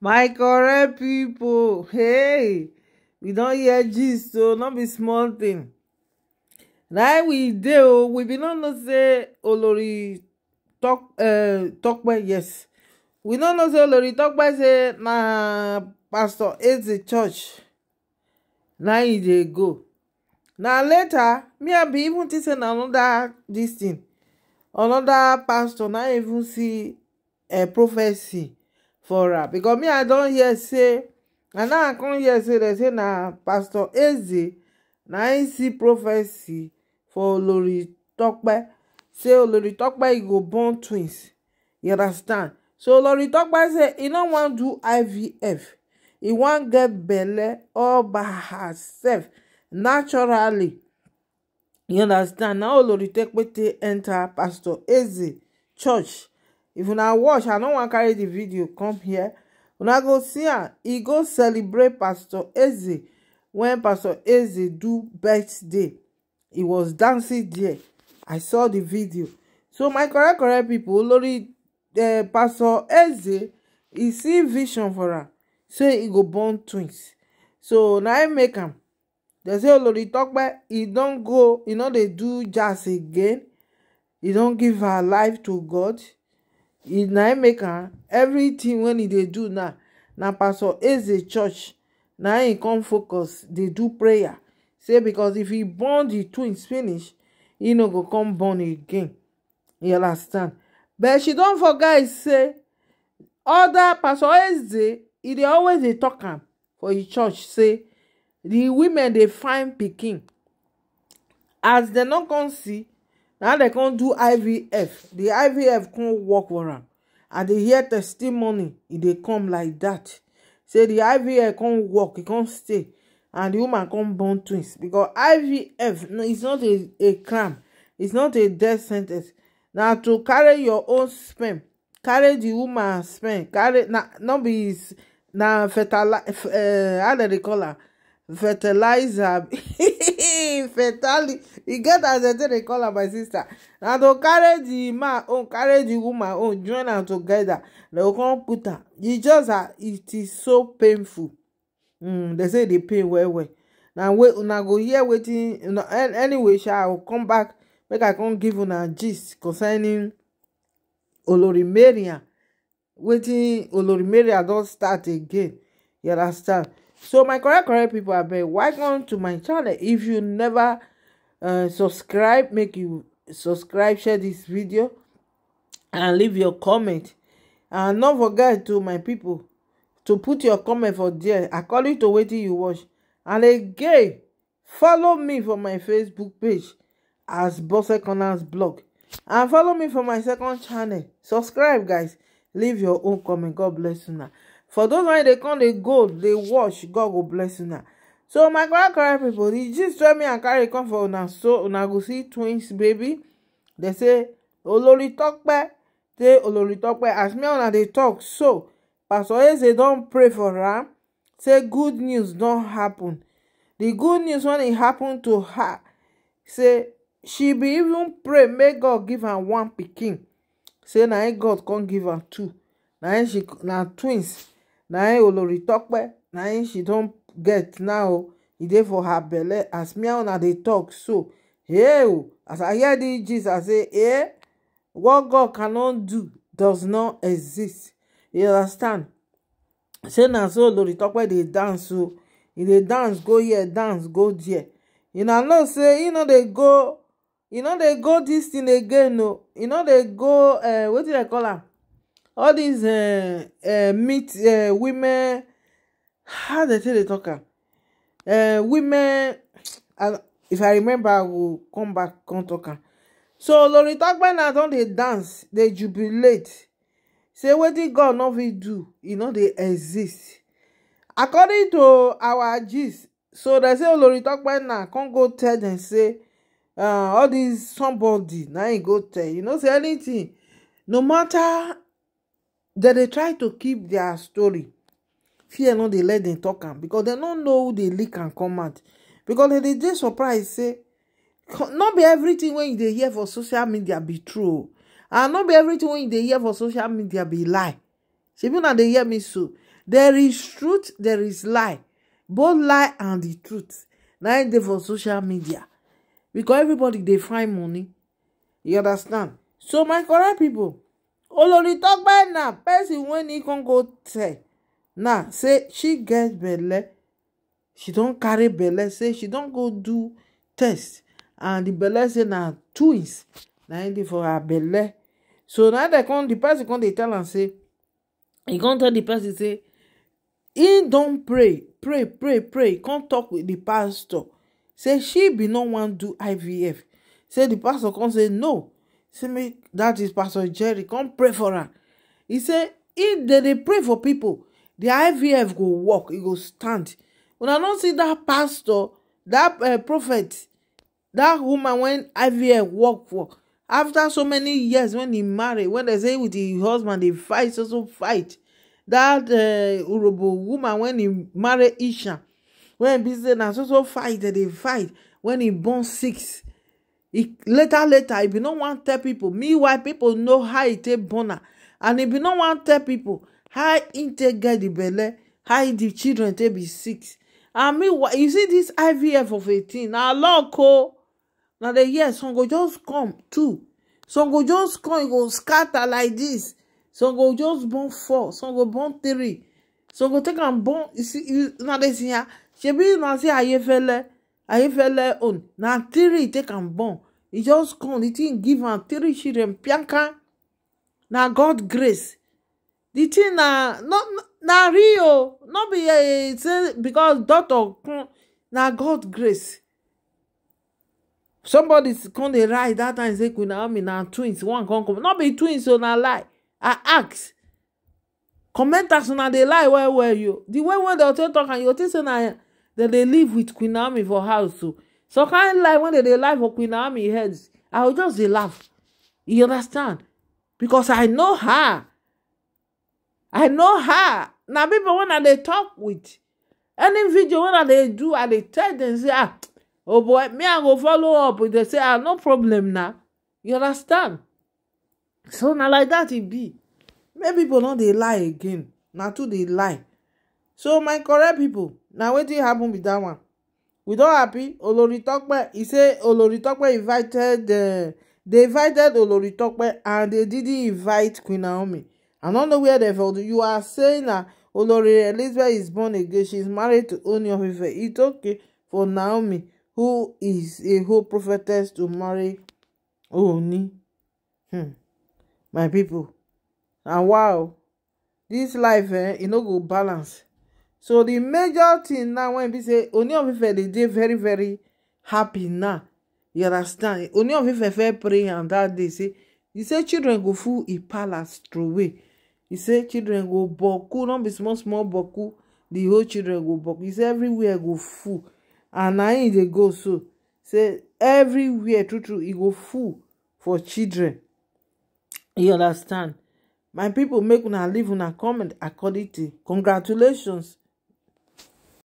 my correct people, hey we don't hear Jesus. so oh, no be small thing. Now we do. o oh, we bin no know say olori by eh, yes we no know say olori by say na pastor the church Now e go Now later me i be even think say na anoda dis Another pastor now even see a eh, prophecy for rap becos me i don hear say and now i come hear say dem say na pastor eze na im see prophecy for oloritope say oloritope e go born twins you understand so oloritope say e no wan do ivf e wan get belle all by herself naturally you understand na oloritope enter pastor eze church if una watch i no wan carry the video come here una go see am he go celebrate pastor eze when pastor eze do birthday e was dancing there i saw the video so my correct correct pipo olori eh, pastor eze he see vision for am say he go born twins so now I make him. They say talk tope He don't go You know they do jazz again He don't give her life to god na im make am everything wey e dey do now na pastor eze church na im come focus dey do prayer say because if e born di twins finish he no go come born again you understand but she don forget say oda pastor eze he dey always dey tok am for di church say the women dey find pikin as dem no come see Now they can't do ivf The ivf can't work for am And they hear testimony e dey come like that, say the ivf can't work It can't stay and the woman can't born twins because ivf No, is not a a crime It's not a death sentence. Now to carry your own sperm carry the woman's sperm carry now. no be na fertilizer eh, how dem they call am fertilizer fertile e get as dem take dey call am my sister na to carry di man own carry di woman own join am together. dem go come put am e just ah it is so painful Hmm. dem say e dey pain well well na una go hear wetin anyway sha i go come back make i come give una gist concerning olorimeria wetin olorimeria don start again you understand so my correct correct people, pipo abeg welcome to my channel if you never uh, subscribe make you subscribe share this video and leave your comment and no forget to my people, to put your comment for there according to waiting you watch and again follow me for my facebook page as Bose Corners blog and follow me for my second channel subscribe guys leave your own comment god bless you now for those one dey come dey go dey wash god go bless una so my grandkara pipo di gist wey me and kari come for una so una go see twins baby dem say oloritokpe say oloritokpe as me una dey talk so pastor oyeze don pray for her am say good news don happen di good news wen e happen to her say she be even pray make god give her one pikin say na god come give her two na she na twins. na olori oloritope na im she don get now e dey for her belle as mia una dey tok so hey o oh, as i hear dis gist i say eh what god cannot do does not exist you understand say na so oloritope dey dance o oh. e dey dance go here dance go there you na know say e no dey go e no dey go dis thing again o oh. e no dey go uh, wetin I call am all these uh, uh, meet uh, women how they take dey talk uh, women and if i remember i will come back come talk am so lori now don they dance they jubilate say what did god not we do You know they exist according to our gist so they say olori now come go tell dem say uh, all these somebody Now im go tell you know say anything no matter dem dey try to keep their story fear no dey let dem talk am because dem no know who dey leak am come out becos dem dey dey surprise say no be everything wey you dey hear for social media be true and no be everything wey you dey hear for social media be lie shebi una dey hear me so there is truth there is lie both lie and the truth na im dey for social media because everybody dey find money you understand so my correct people olori tok na person wey e con go tell na say she get belle she don carry belle say she don go do test and the belle say na twins na im dey for her belle so na come the person come dey tell am say he come tell the person say he don pray pray pray pray come talk with the pastor say she be no wan do ivf say the pastor come say no say make that is pastor jerry come pray for her. He say if they dey pray for people, the ivf go work e go stand una no see that pastor dat uh, prophet that woman wen ivf work for after so many years when he marry when they say with di husband dey fight so so fight dat uh, urobo woman when he marry isha when be say na so so fight dem dey fight When he born six e later later e bin no wan tell pipo meanwhile pipo know how e take born am and e bin no wan tell pipo how e take get di belle how di children take be sick and meanwhile you see dis ivf of eighteen? na luck o na the year some go just come two. some go just come e go scatter like dis some go just born four some go born three some go take am born you see na dis year ah, shebi na say ayefele ayefele own na three take am born He just come He didn't give am three children pianka na god grace the thing na not na real Not no be eh, say eh, because doctor na god grace somebody come dey write that time say queen naomi na twins one come come Not be twins So na lie i ask commenters una dey lie Where well you? the way when they take talk and you go think say na dem live with queen naomi for house o so kind life when they dey laugh for queen naomi heads. i go just dey laugh you understand because i know her i know her Now people when i dey talk with any video when i dey do i they tell dem say ah oh boy me i go follow up with dem say ah no problem now. you understand so now like that it e be make people no they lie again Now too they lie so my correct people. pipo na wetin happen with that one we don happy olori tope e say olori tope invited uh, they invited olori tope and they didn't invite queen naomi i don't know where they found you are saying that uh, olori elizabeth is born again she is married to oni it's okay for naomi who is a whole prophetess to marry oni hmm. my people and wow this life eh e no go balance so the major thing now when we say oni of ife dey dey very very happy now you understand oni of ife fair pray am that day say He said children go full e palace through way. He said children go boku no be small small boku The whole children go boku He said everywhere go full and na they go so say everywhere true true e go full for children you understand my people make una leave una comment according to congratulations